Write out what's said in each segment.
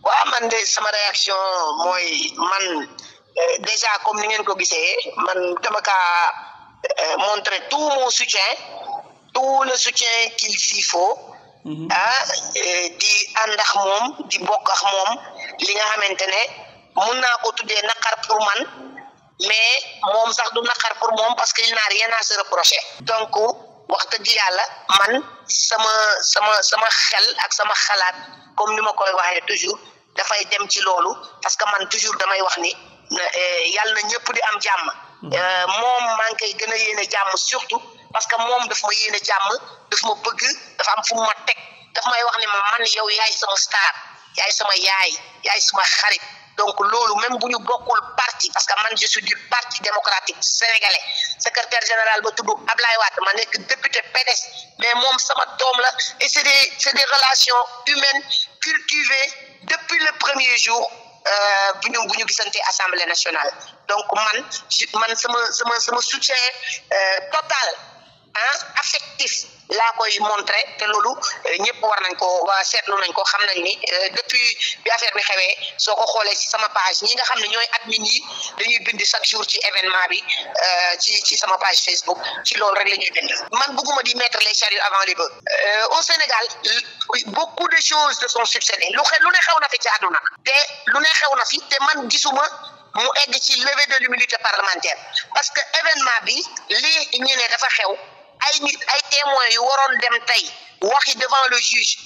waaw man de sama réaction mooy man euh, déjà comme ni ngeen ko gisee man dama kaa euh, montré tout mon soutien tout le soutien qu'il s'y faut mhm. ah di ànd ak moom di bokk ak li nga xamante ne mun naa ko tuddee naqar pour man mais moom sax du naqar pour moom parce que il n'a rien à se donc wax dëgg yàlla man sama sama sama xel ak sama xalaat comme ni ma koy waxee toujours dafay dem ci loolu parce que man toujours damay wax ni eh, yàlla na ñëpp di am jàmm mm-hmm. eh, moom maa ngi koy gën a yéene jàmm surtout parce que moom daf ma yéene jàmm dafa ma bëgg dafa am fu ma teg daf may wax ni ma man yow yaay sama star yaay sama yaay yaay sama xarit donc loolu même bu ñu bokkul parti parce que man je suis du parti démocratique sénégalais secrétaire général ba tudd Ablaye Wade ma nekk député PDS mais moom sama doom la et c'est des c'est des relations humaines cultivées depuis le premier jour euh, bu ñu bu ñu gisante assemblée nationale donc man man sama sama sama soutien euh, total ah affectif laa koy montré te loolu euh, ñëpp war nañ ko waa seetlu nañ ko xam nañ ni euh, depuis bi affaire bi xewee soo ko xoolee ci sama page ñi nga xam ne ñooy admin ñi dañuy bind chaque jour ci événement bi euh, ci ci sama page Facebook ci loolu rek lañuy bind man bëgguma di mettre les charrues avant les au Sénégal beaucoup de choses se sont succédé lu xew lu ne xew na fi ci àdduna te lu ne xew na fi te man gisuma mu egg ci levée de l'immunité parlementaire parce que événement bi lii ñu dafa xew ay nit ay témoins yu waroon dem tey waxi devant le juge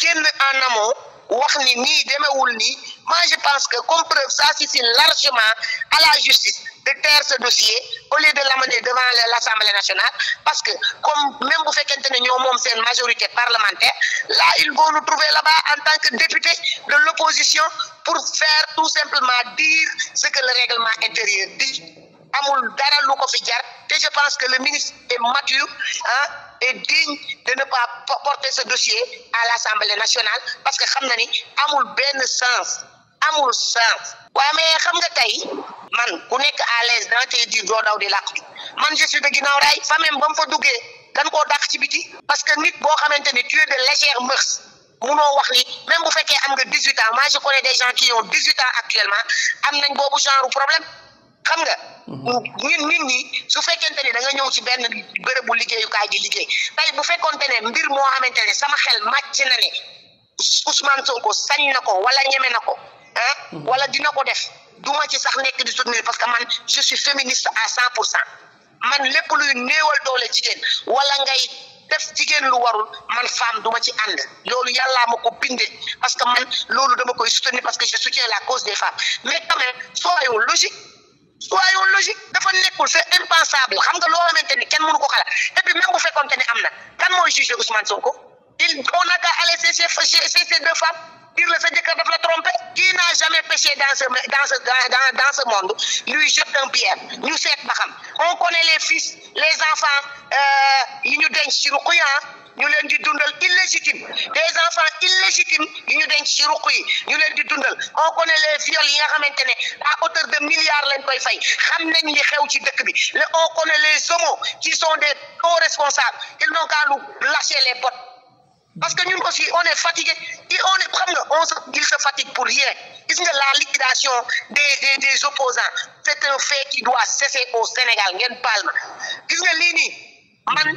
génn en amont wax ni nii demewul nii moi pense que comme preuve ça suffit largement à la justice de taire ce dossier au lieu de l'amener devant l'Assemblée nationale parce que comme même bu fekkente ne ñoo moom seen majorité parlementaire là ils vont nous trouver là-bas en tant que députés de l'opposition pour faire tout simplement dire ce que le règlement intérieur dit amul dara lu ko fi jar te je pense que le ministre est mature ah est digne de ne pas porter ce dossier à l'Assemblée nationale parce que xam na ni amul benn sens amul sens waaye mais xam nga tey man ku nekk à l'aise dana tey di doo di di làqatu man je suis de ginnaaw raay famem ba mu fa duggee dañ koo dàq ci biti parce que nit boo xamante ni tu es de légère mœurs munoo wax ni même bu fekkee am nga dix-huit ans moi je connais des gens qui ont dix-huit actuellement am nañ boobu genre problème xam nga ñun nit ñi su fekkente ne da nga ñëw ci benn bërëb bu liggéeyukaay di liggéey tey bu fekkonte ne mbir moo xamante ne sama xel màcc na ne Ousmane ko sañ na ko wala ñeme na ko ah wala dina ko def duma ci sax nekk di soutenir parce que man je suis féministe à cent pour cent man lépp luy néewal doole jigéen wala ngay def jigéen lu warul man femme duma ci ànd loolu yàllaa ma ko bindee parce que man loolu dama koy soutenir parce que je soutiens la des femmes mais quand même soo ayoo soyons logique dafa nekkul c'est impensable xam nga loo xamante ni kenn mënu ko xalaat et puis même bu fekkoon te ne am na kan mooy jugé Ousmane Sonko il on a qu'à aller chez ces deux femmes dire le sa jëkkër daf la trompé qui n'a jamais péché dans ce monde lui jette pierre ñu seet ba xam on connaît les fils les enfants euh, yi ñu denc ci ruquya ah. ñu leen di dundal illégitimes des enfants illégitimes yi ñu ci ruq yi ñu leen di dundal on connaît les viols yi nga xamante ne à hauteur de milliards lañ koy fay xam nañ li xew ci dëkk bi le on connaît les homos qui sont des hauts responsables ils n'ont qu'à nous les bottes parce que ñun aussi on est fatigué et nga on se fatigue pour rien gis nga la liquidation des des des opposants c'est un fait qui doit cesser au Sénégal ngeen baal ma gis nga li nii man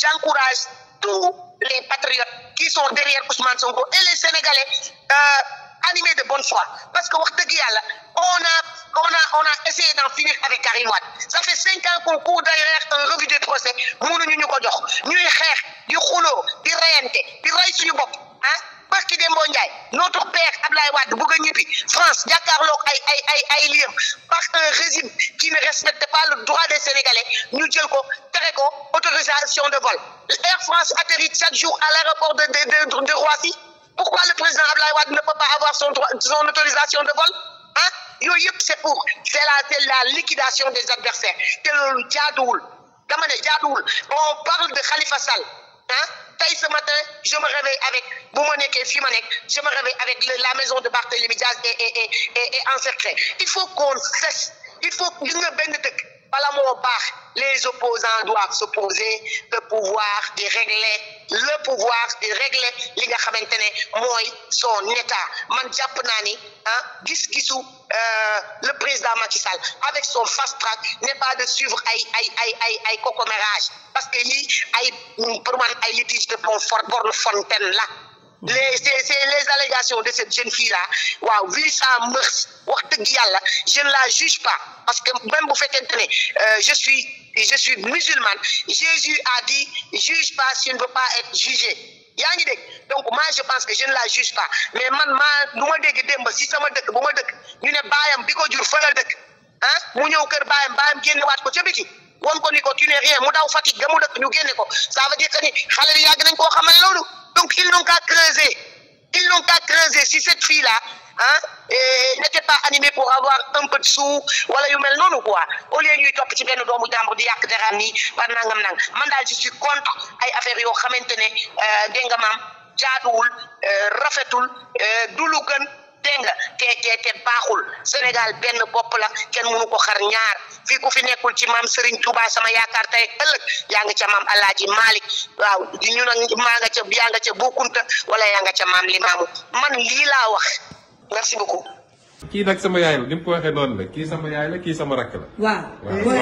j'encourage tout les patriotes qui sont derrière Ousmane Sonko et les Sénégalais euh, animés de bonne foi parce que wax dëgg yàlla on a on a on a essayé d'en finir avec Karim Wade ça fait cinq ans qu'on court derrière un refus de procès mënuñu ñu ko jox ñuy xeex di xuloo di reyante di rey suñu bopp ah barki Dembo Ndiaye notre père Ablaye Wade bëgg a ñibbi France jàkkaarloog ay ay ay ay liir par un régime qui ne respecte pas le droit des Sénégalais ñu jël ko tere ko autorisation de vol Air France atterrit chaque jour à l'aéroport de de de Roissy pourquoi le président Ablaye Wade ne peut pas avoir son droit son autorisation de vol ah yooyu yëpp c'est pour c'est la c'est la liquidation des adversaires te loolu jaaduwul dama ne jaaduwul on parle de Khalifa Sall tey ce matin je me réveille avec bu ma nekkee fii ma nekk je me réveille avec la maison de Barthélémy Diaz et et et en secret il faut qu'on cesse il faut gis nga benn dëkk bala moo baax les opposants doivent s'opposer le pouvoir di régler le pouvoir di régler li nga xamante ne mooy son état man jàpp naa ni ah gis-gisu Euh, le président Macky Sall avec son fast track n'est pas de suivre ay ay ay ay ay cocomérage parce que lii ay pour man ay litige de bon for borne fontaine la les c'est les allégations de cette jeune fille là waaw vu sa mœurs wax dëgg yàlla je ne la pas parce que même bu fekkente ne euh, je suis je suis musulmane Jésus a dit juge pas pas être jugé yaa donc moi je pense que je ne la juge pas mais man maa lu ma dégg démb si sama dëkk bu ma dëkk ñu ne baayam bi ko jur fa la dëkk ah mu ñëw kër baayam baayam génne waat ko ca biti woon ko ni ko tu n'es rien mu daw Fatick ga mu dëkk ñu génne ko ça veut dire que ni xale yi yàgg nañ koo xamal loolu donc ils n'ont qu'à creuser ils n'ont qu'à creuser si cette fille là ah n'était pas animée pour avoir un peu de sous wala yu mel noonu quoi au lieu ñuy topp ci benn doomu jàmbur di yàq dara nii par nangam nang man daal je suis ay affaires yoo xamante ne euh, dégg nga maam jaaduwul euh, rafetul euh, du lu gën dégg nga te te te baaxul Sénégal benn bopp la kenn mënu ko xar ñaar fi ko fi nekkul ci maam sëriñ Touba sama yaakaar tey ëllëg yaa nga ca maam Alaaji Malick waaw di ñu nag maa nga ca yaa nga ca wala yaa nga ca maam Limaamu man lii laa wax merci beaucoup. kii nag sama yaay la ni mu ko waxee noonu la kii sama yaay la kii sama rakk la. waaw booy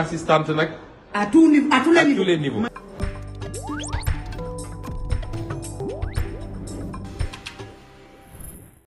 Aïssatou nag. à tous les